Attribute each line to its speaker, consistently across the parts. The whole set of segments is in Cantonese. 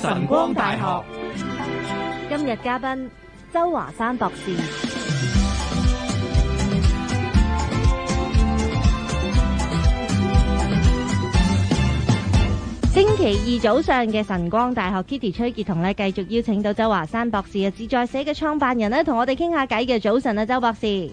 Speaker 1: 晨
Speaker 2: 光大學今日嘉賓周華山博士。星期二早上嘅晨光大學，Kitty 崔潔彤呢繼續邀請到周華山博士啊，志在社嘅創辦人呢，同我哋傾下偈嘅早晨啊，周博士。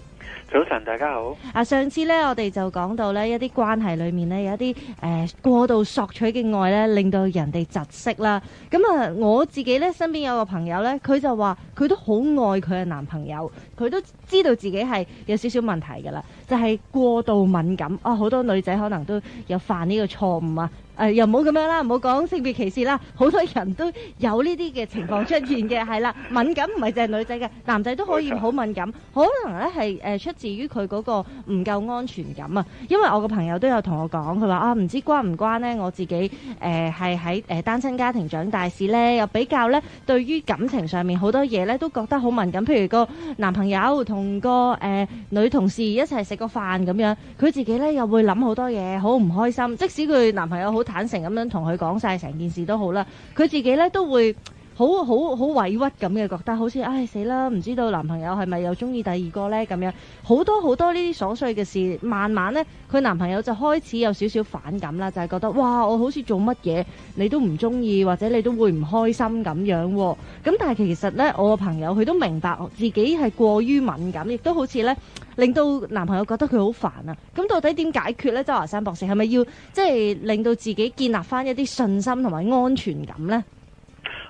Speaker 1: 早晨，大家
Speaker 2: 好。啊，上次咧，我哋就講到咧，一啲關係裏面咧，有一啲誒、呃、過度索取嘅愛咧，令到人哋窒息啦。咁啊，我自己咧，身邊有個朋友咧，佢就話佢都好愛佢嘅男朋友，佢都知道自己係有少少問題㗎啦。就係過度敏感啊！好多女仔可能都有犯呢個錯誤啊！誒、呃、又唔好咁樣啦，唔好講性別歧視啦，好多人都有呢啲嘅情況出現嘅，係啦， 敏感唔係淨係女仔嘅，男仔都可以好敏感，可能咧係誒出自於佢個唔夠安全感啊！因為我個朋友都有同我講，佢話啊，唔知關唔關咧我自己誒係喺誒單親家庭長大時咧，又比較咧對於感情上面好多嘢咧都覺得好敏感，譬如個男朋友同、個誒、呃、女同事一齊食個飯咁樣，佢自己咧又會諗好多嘢，好唔開心。即使佢男朋友好坦誠咁樣同佢講晒成件事都好啦，佢自己咧都會。好好，好委屈咁嘅，覺得好似唉死啦！唔、哎、知道男朋友係咪又中意第二個呢？咁樣，好多好多呢啲瑣碎嘅事，慢慢呢，佢男朋友就開始有少少反感啦，就係、是、覺得哇，我好似做乜嘢你都唔中意，或者你都會唔開心咁樣、啊。咁但係其實呢，我個朋友佢都明白自己係過於敏感，亦都好似呢，令到男朋友覺得佢好煩啊。咁到底點解決呢？周華山博士係咪要即係、就是、令到自己建立返一啲信心同埋安全感呢？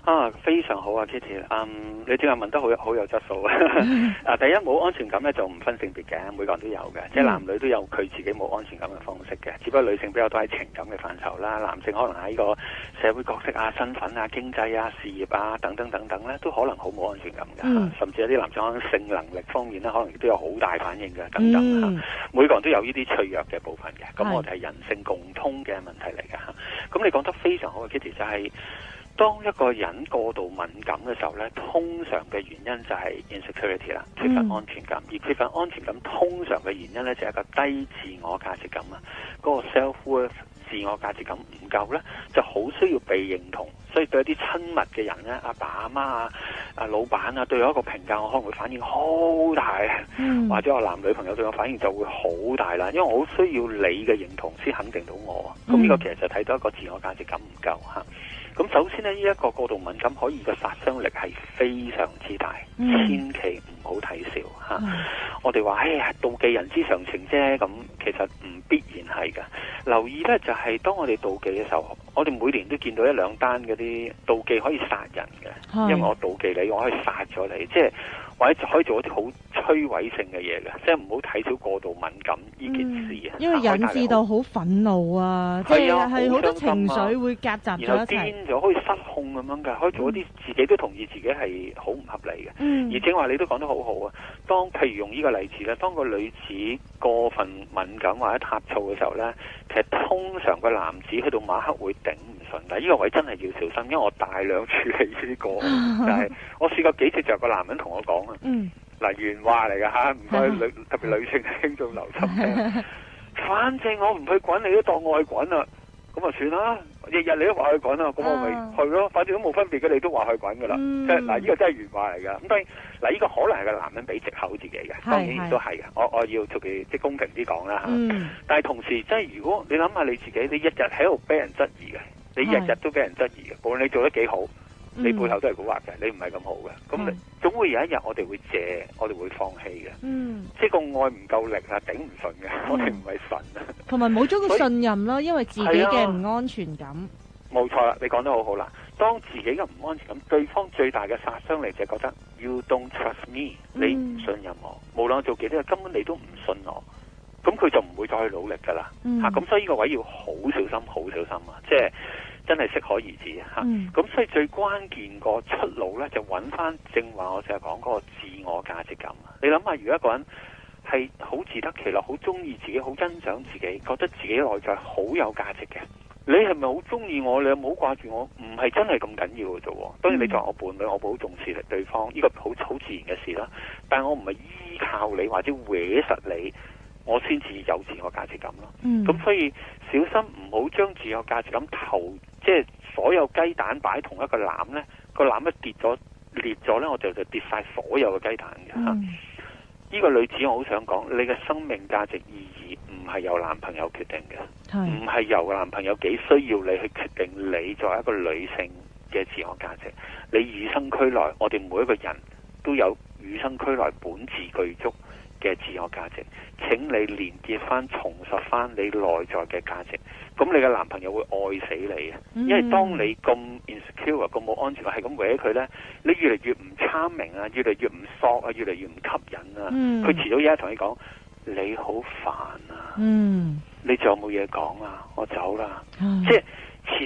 Speaker 1: 啊，非常好啊，Kitty。嗯，你今日問得好，好有質素啊。啊， 第一冇安全感咧，就唔分性別嘅，每個人都有嘅，即係、嗯、男女都有佢自己冇安全感嘅方式嘅。只不過女性比較多喺情感嘅範疇啦，男性可能喺個社會角色啊、身份啊、經濟啊、事業啊等等等等咧，都可能好冇安全感嘅。嗯、甚至有啲男性性能力方面咧，可能都有好大反應嘅，等等、啊。嗯、每個人都有呢啲脆弱嘅部分嘅，咁我哋係人性共通嘅問題嚟嘅嚇。咁是你講得非常好啊，Kitty 就係、是。當一個人過度敏感嘅時候呢，通常嘅原因就係 insecurity 啦，缺、mm. 乏安全感。而缺乏安全感，通常嘅原因呢，就係、是、一個低自我價值感啊。嗰、那個 self worth 自我價值感唔夠呢，就好需要被認同。所以對一啲親密嘅人呢，阿爸阿媽啊、啊老闆啊，對我一個評價，我可能會反應好大、mm. 或者我男女朋友對我反應就會好大啦，因為我好需要你嘅認同先肯定到我啊。咁呢個其實就睇到一個自我價值感唔夠吓。咁首先呢，依、這、一個過度敏感可以嘅殺傷力，係非常之大，千祈唔好睇小吓。我哋話：哎呀，妒忌人之常情啫。咁其實唔必然係㗎。留意呢，就係、是、當我哋妒忌嘅時候，我哋每年都見到一兩單嗰啲妒忌可以殺人嘅，嗯、因為我妒忌你，我可以殺咗你，即係。或者可以做一啲好摧毀性嘅嘢嘅，即係唔好睇少過度敏
Speaker 2: 感呢件事啊、嗯，因為引致到好憤怒啊，即係係好多情緒會夾雜咗一齊，然後癲咗可以
Speaker 1: 失控咁樣嘅，可以做一啲自己都同意自己係好唔合理嘅。嗯嗯、而正話你都講得好好啊，當譬如用呢個例子咧，當個女子過分敏感或者呷醋嘅時候咧，其實通常個男子去到晚黑會頂呢依個位真係要小心，因為我大量處理呢啲歌，就係我試過幾次，就個男人同我講啊，嗱，原話嚟噶吓，唔該女特別女性嘅聽眾留心，反正我唔去滾，你都當我去滾啦，咁啊算啦，日日你都話去滾啦，咁我咪去咯，反正都冇分別嘅，你都話去滾噶啦，即係嗱，依個真係原話嚟噶咁當然嗱，依個可能係個男人俾藉口自己嘅，當然都係嘅，我我要特別即公平啲講啦吓，但係同時即係如果你諗下你自己，你一日喺度俾人質疑嘅。你日日都俾人質疑嘅，無論你做得幾好，
Speaker 2: 你背後都
Speaker 1: 係蠱惑嘅，嗯、你唔係咁好嘅。咁，總會有一日我哋會借，我哋會放棄嘅。嗯，即係個愛唔夠力啊，頂唔順嘅，嗯、我哋唔係神啊。
Speaker 2: 同埋冇咗個信任囉，以因為自己嘅唔安全感。
Speaker 1: 冇錯啦，你講得好好啦。當自己嘅唔安全感，對方最大嘅殺傷力就係覺得 You don't trust me，嗯、你唔信任我，無論我做幾多，根本你都唔信我。咁佢就唔會再去努力噶啦，吓咁、嗯啊、所以呢個位要好小心，好小心啊！即係真係適可而止吓。咁、啊嗯啊、所以最關鍵個出路呢，就揾翻正話我成日講嗰個自我價值感。你諗下，如果一個人係好自得其樂，好中意自己，好欣賞自己，覺得自己內在好有價值嘅，你係咪好中意我？你有冇掛住我？唔係真係咁緊要嘅啫。當然你作為我伴侶，我好重視你對方，呢、這個好好自然嘅事啦。但係我唔係依靠你，或者搲實你。我先至有自我價值感咯，咁、嗯、所以小心唔好將自我價值感投，即、就、係、是、所有雞蛋擺同一個籃呢，個籃一跌咗裂咗呢，我哋就跌晒所有嘅雞蛋嘅呢、嗯、個女子我好想講，你嘅生命價值意義唔係由男朋友決定嘅，唔係是由男朋友幾需要你去決定你作為一個女性嘅自我價值，你與生俱來，我哋每一個人都有與生俱來本自具足。嘅自我價值，請你連結翻、重拾翻你內在嘅價值，咁你嘅男朋友會愛死你啊！因為當你咁 insecure、咁冇安全感，係咁搲佢呢，你越嚟越唔聰明啊，越嚟越唔索呀，越嚟越唔吸引啊，佢、嗯、遲早一陣同你講你好煩啊，嗯、你仲有冇嘢講啊？我走啦，嗯、即係。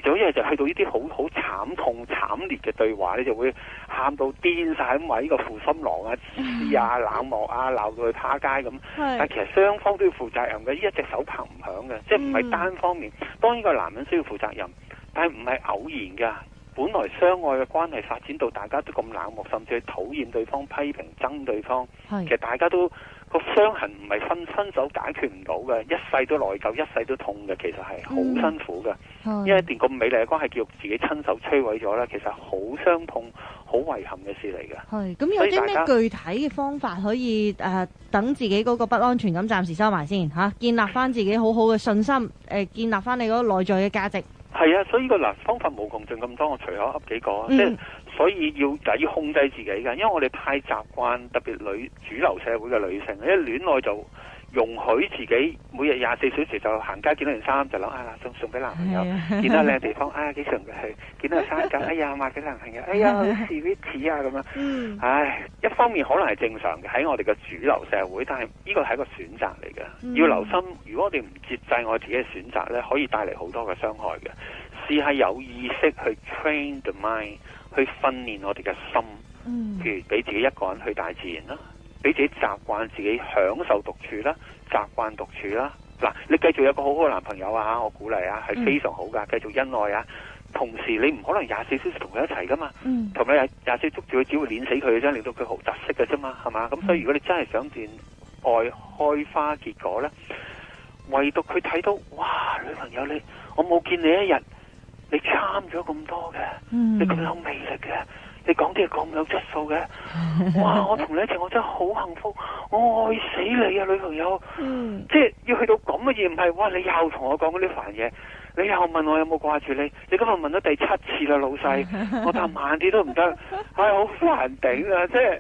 Speaker 1: 有一日就去到呢啲好好慘痛、慘烈嘅對話，你就會喊到癲晒咁話呢個負心郎啊、自私啊、冷漠啊，鬧到去趴街咁。是但係其實雙方都要負責任嘅，呢一隻手拍唔響嘅，即係唔係單方面。嗯、當然個男人需要負責任，但係唔係偶然㗎。本來相愛嘅關係發展到大家都咁冷漠，甚至去討厭對方、批評、憎對方，是其實大家都。個傷痕唔係分親手解決唔到嘅，一世都內疚，一世都痛嘅，其實係好辛苦嘅。嗯、因為一段咁美麗嘅關係，叫自己親手摧毀咗咧，其實好傷痛、好遺憾嘅事嚟嘅。
Speaker 2: 係咁有啲咩具體嘅方法可以誒、呃，等自己嗰個不安全感暫時收埋先吓，建立翻自己好好嘅信心，誒、呃，建立翻你嗰個內在嘅價值。
Speaker 1: 係啊，所以、這個嗱方法冇窮盡咁多，我隨口噏幾個。嗯所以要就要控制自己噶，因為我哋太習慣，特別女主流社會嘅女性，一戀愛就容許自己每日廿四小時就行街，見到件衫就諗啊、哎，送送俾男
Speaker 2: 朋友；是呀 見到靚地方，
Speaker 1: 啊幾時去？見到衫架，哎呀買俾男朋友， 哎呀試啲尺啊咁樣。唉、 哎，一方面可能係正常嘅，喺我哋嘅主流社會，但係呢個係一個選擇嚟嘅，嗯、要留心。如果我哋唔節制我自己嘅選擇咧，可以帶嚟好多嘅傷害嘅。試下有意識去 train the mind，去訓練我哋嘅心。譬如俾自己一個人去大自然啦、啊，俾自己習慣自己享受獨處啦、啊，習慣獨處啦、啊。嗱，你繼續有個好好嘅男朋友啊，我鼓勵啊，係非常好噶。繼、嗯、續恩愛啊。同時你唔可能廿四小時同佢一齊噶嘛。同你廿廿四小時捉住佢只會碾死佢啫，令到佢好窒息嘅啫嘛，係嘛。咁、嗯、所以如果你真係想戀愛開花結果咧，唯獨佢睇到哇女朋友你，我冇見你一日。你參咗咁多嘅，你咁有魅力嘅，你講啲嘢咁有質素嘅，
Speaker 2: 哇！我
Speaker 1: 同你一齊我真係好幸福，我愛死你啊女朋友，即係要去到咁嘅嘢唔係，哇！你又同我講嗰啲煩嘢，你又問我有冇掛住你，你今日問咗第七次啦老細，我答慢啲都唔得，係好難頂啊即係。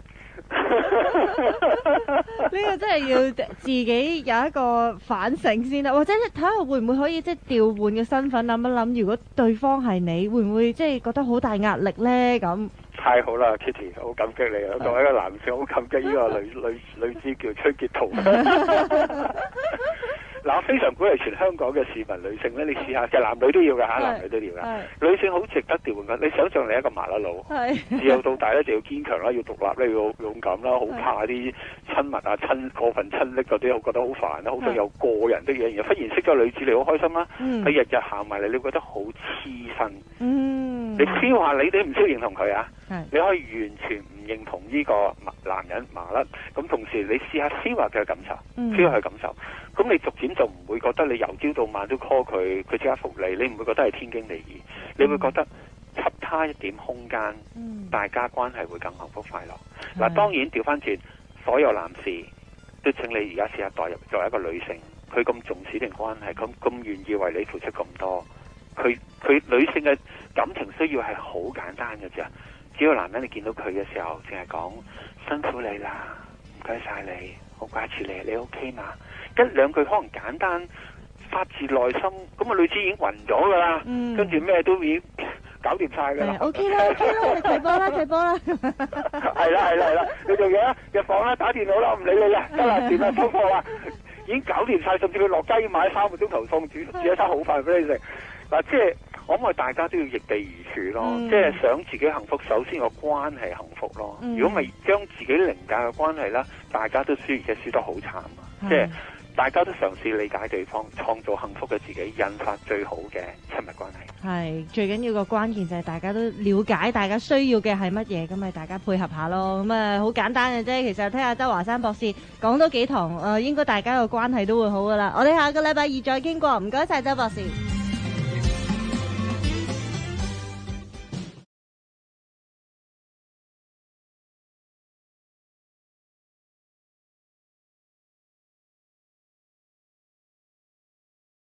Speaker 2: 呢 個真係要自己有一個反省先得，或者睇下會唔會可以即係調換嘅身份諗一諗，如果對方係你會唔會即係覺得好大壓力咧？咁
Speaker 1: 太好啦，Kitty，好感激你啊！作為的一個男性，好感激呢個女 女女子叫崔杰彤。 嗱，非常鼓勵全香港嘅市民女性咧，你試下，其實男女都要嘅吓，是男女都要嘅。是女性好值得調換嘅，你想像你一個麻甩佬，
Speaker 2: 是自由
Speaker 1: 到大咧，就要堅強啦，是要獨立咧，要勇敢啦，好怕啲親密啊，是親過份親暱嗰啲，我覺得好煩啦，好想有個人嘅嘢，是然後忽然識咗女子你好開心啦，佢日日行埋嚟，你會覺得好黐身。嗯 你消化你你唔需要認同佢啊。是你可以完全唔認同呢個男人麻甩，咁同時你試下消化佢嘅感受，嗯、消化佢嘅感受，咁你逐漸就唔會覺得你由朝到晚都 call 佢，佢即刻覆你。你唔會覺得係天經地義。你會覺得給、嗯、他一點空間，嗯、大家關係會更幸福快樂。嗱，嗯啊，當然調翻轉，所有男士都請你而家試下代入作為一個女性，佢咁重視段關係，咁咁願意為你付出咁多，佢。佢女性嘅感情需要係好簡單嘅啫，只要男人你見到佢嘅時候，淨係講辛苦你啦，唔該晒你，好掛住你，你 OK 嘛？一兩句可能簡單發自內心，咁啊，女子已經暈咗噶啦，跟住咩都已經搞掂晒噶啦。OK 啦，OK 啦，踢波
Speaker 2: 啦，踢波啦，係啦係啦係啦，
Speaker 1: 你做嘢啦，入房啦，打電腦啦，我唔理你啦，得啦，點啦，收波啦，已經搞掂晒，甚至佢落街要買三個鐘頭餸煮煮一餐好飯俾你食嗱，即、啊、係。我諗，咪大家都要易地而處咯，嗯、即係想自己幸福，首先個關係幸福咯。如果咪將自己凌駕嘅關係啦，大家都輸，而且輸得好慘、啊。是即係大家都嘗試理解對方，創造幸福嘅自己，引發最好嘅親密關係。
Speaker 2: 係最緊要個關鍵就係大家都了解，大家需要嘅係乜嘢，咁咪大家配合下咯。咁、嗯、啊，好簡單嘅啫。其實聽下周華山博士講多幾堂，誒、呃，應該大家個關係都會好噶啦。我哋下個禮拜二再經過，唔該晒周博士。